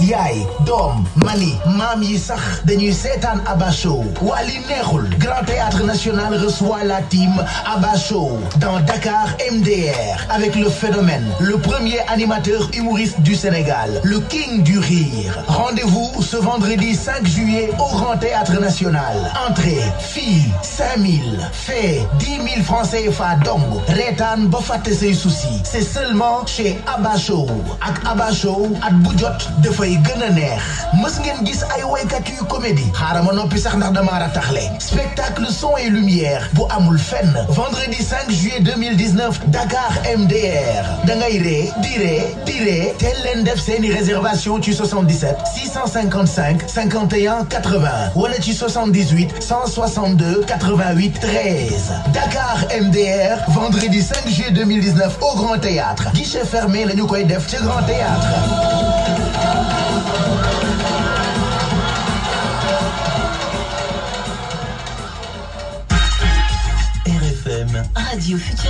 Yay, Dom, Mali, mani Sach, yi sax dañuy Wali Abba Grand Théâtre National reçoit la team Abba dans Dakar MDR avec le phénomène le premier animateur humoriste du Sénégal le king du rire rendez-vous ce vendredi 5 juillet au Grand Théâtre National entrée fille 5000 fait 10 000 français, CFA dong Retan Bofate c'est souci c'est seulement chez Abacho Show ak Abba at dafay gëna neex mës ngeen gis ay waykat yu comédie sax ndax spectacle son et lumière bu amul fenn vendredi 5 juillet 2019 Dakar MDR da ngay ré di tel len def réservation tu 77 655 51 80 wala ci 78 162 88 13 Dakar MDR vendredi 5 juillet 2019 au Grand Théâtre guichet fermé la ñu koy def Grand Théâtre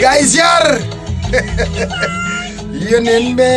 gaay ziar yeneen be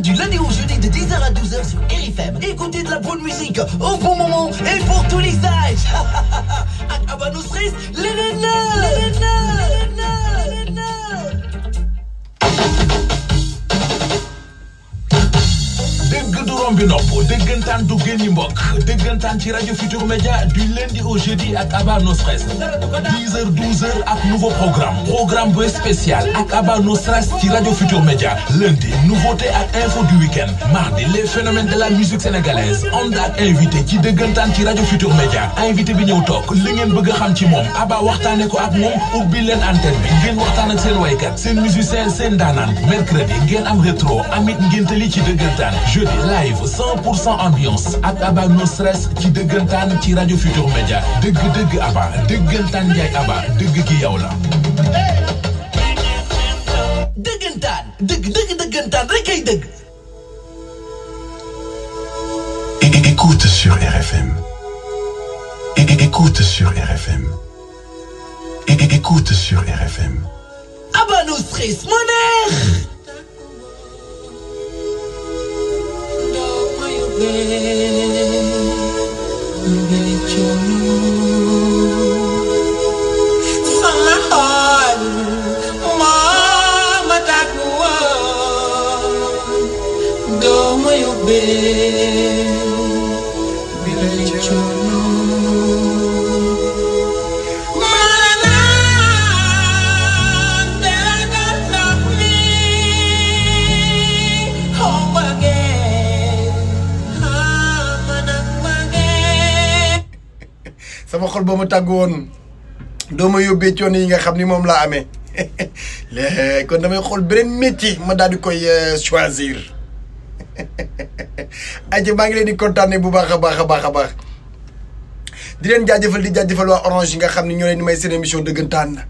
du lundi au jeudi de 10h à 12h sur RFM. Écoutez de la bonne musique au bon moment et pour tous les âges. les dëgg du bi nopp dëggantaan du génni mbokk dëggantaan ci rajo Futur Média du lundi au jeudi ak Abba No Stress 10 heures 12 heures ak nouveau programme programme bu spécial ak Abba No ci rajo Futur Média lundi nouveauté ak info du week-end mardi les phénomènes de la musique sénégalaise on ak invité ci dëggantaan ci rajo Futur Média invité bi ñëw toog li ngeen bëgg xam ci moom Abba waxtaane ko ak moom ubbi leen antenne bi ngeen waxtaan ak seen waykat seen musicien seen daanaan mercredi ngeen am rétro amit ci dëggantaan jeudi live 100 ambiance ak Aba No Stress ci dëggantaan qui radio Futur Media dëgg dëgg Aba dëggantaan Ndiaye Aba dëgg ki yaw la. de dëgg dëgg dëggantaan rekay ay dëgg. Écoute sur RFM. Écoute sur RFM. Écoute sur RFM. Aba nous Stress air! về về trong baaxul ba ma tàggu woon doo ma yóbbee coono yi nga xam ni moom laa amee léegi kon damay xool beneen métier ma daal di koy euh, choisir aja maa ngi leen di kontaane bu baax a baax a baax a baax di leen jaajëfal di jaajëfal waa orange nga xam ne ñoo leen di may seen émission dëggantaan na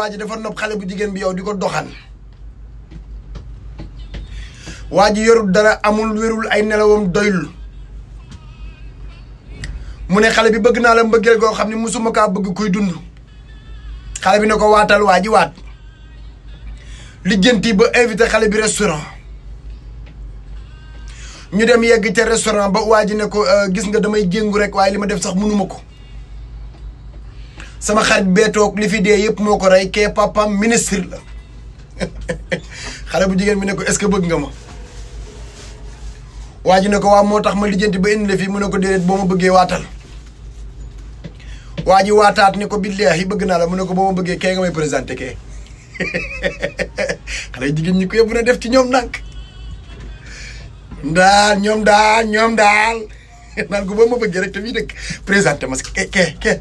waa ji dafa nopp xale bu jigéen bi yow di ko doxaan waa ji yorul dara amul wérul ay nelawam doyul mu ne xale bi bëgg naa la mbëggeel goo xam ne musuma kaa bëgg kuy dund xale bi ne ko waatal waa ji waat lijjanti ba invité xale bi restaurant ñu dem yegg ca restaurant ba waa ji ne ko euh, gis nga damay géngu rek waaye li ma def sax mënuma ko sama xarit beetoog li fi dee yëpp moo ko rey kee papam ministre la xale bu jigéen bi ne ko est-ce que bëgg nga ma waa ji ne ko waa moo tax ma lijjanti ba indi la fii mu ne ko déedéet boo ma bëggee waatal waa ji waataat ne ko billaahi bëgg naa la mu ne ko boo ma bëggee kee nga may présenté kee jigéen ñi ko yëpp na def ci ñoom ndànk daal ñoom daal ñoom daal naan ko boo ma bëggee rek te fii dëkk présenté ma ke ke ke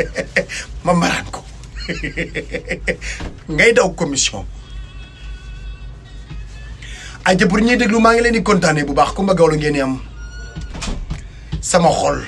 ma maraan ko ngay daw commission aja pour ñuy déglu maa ngi leen di kontaane bu baax Coumba Gawlo ngeen am sama xol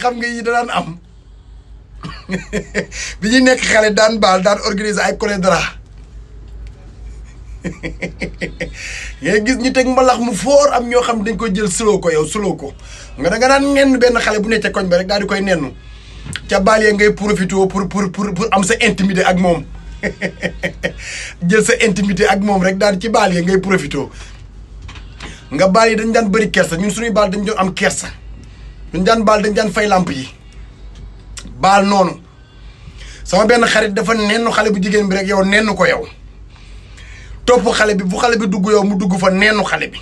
xam nga yi da daan am bi ñu nekk xale daan baal daan organiser ay cholédra ngay gis ñu teg mbalax mu foor am ñoo xam dañ koy jël suloo ko yow suloo ko nga danga daan nenn benn xale bu ne ca koñ ba rek daal di koy nenn ca baal yee ngay profité pour pour pour pour am sa intimité ak moom jël sa intimité ak moom rek daal ci baal yee ngay profité nga baal yi dañ daan bëri kersa ñun suñuy baal dañ doon am kersa. dañ daan baal dañ daan fay lamp yi baal noonu sama benn xarit dafa nenn xale bu jigéen bi rek yow nenn ko yow topp xale bi bu xale bi dugg yow mu dugg fa nenn xale bi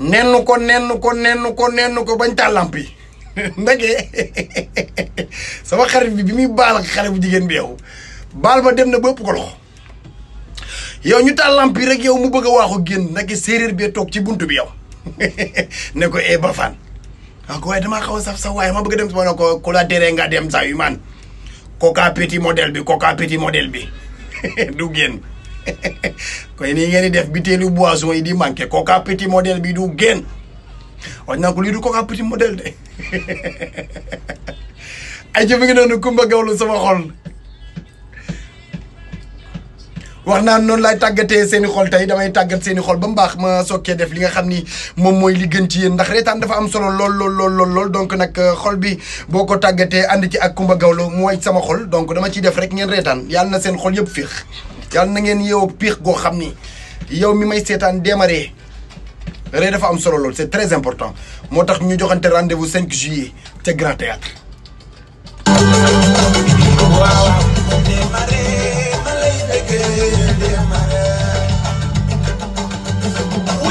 nenn ko nenn ko nenn ko nenn ko bañ taal lamp yi ndagee sama xarit bi bi muy baal xale bu jigéen bi yow baal ma dem na bëpp ko loxo yow ñu taal lamp yi rek yow mu bëgg a waaxu génn ndake séeréer bee toog ci bunt bi yow ne ko ee eh, ba ah waaye damaa xaw a saf sa waaye ma bëgg dem si ma ku la teree dem saa yu man coca petit modèle bi coca petit modèle bi du génn koy nii ngeen di def biteelu boisson yi di manqué coca petit modèle bi du génn wax naa ko lii du coca petit modèle de ay jëf ngi noonu Kumba Gawlo sama xol. wax naa noonu laay tàggatee seeni i xol tey damay tàggat seen xol ba mu baax ma sokkee def li nga xam ni moom mooy li gën ci yéen ndax reetaan dafa am solo lool lool lool lool lool euh, bi boo ko tàggatee ànd ci ak Kumba Gawlo mooy sama xol donc dama ciy def rek ngeen reetaan yàlla na seen xol yëpp fiix yàlla na ngeen yeewoo piix goo xam ni yow mi may seetaan démarré ree dafa am solo lool c'est très important moo tax ñu joxante rendez-vous 5 juillet te Grand Théâtre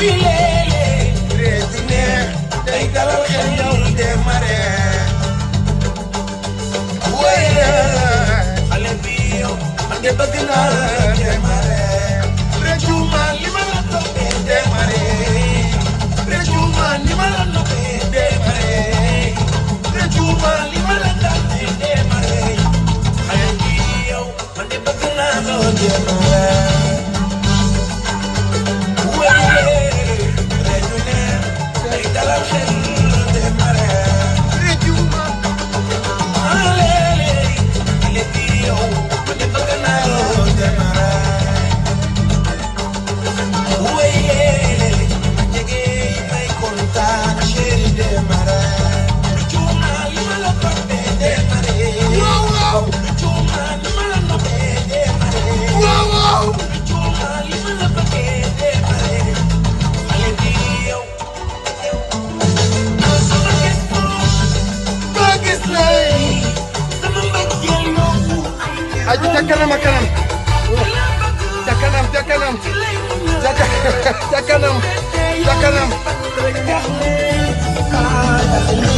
bi léeg-léeg réew bi neex day dalal xel yow de mare wóy la xale bi yow man de bëgg naa la ca kanam a kanam ca kanam ca kanam ca kanam ca kanam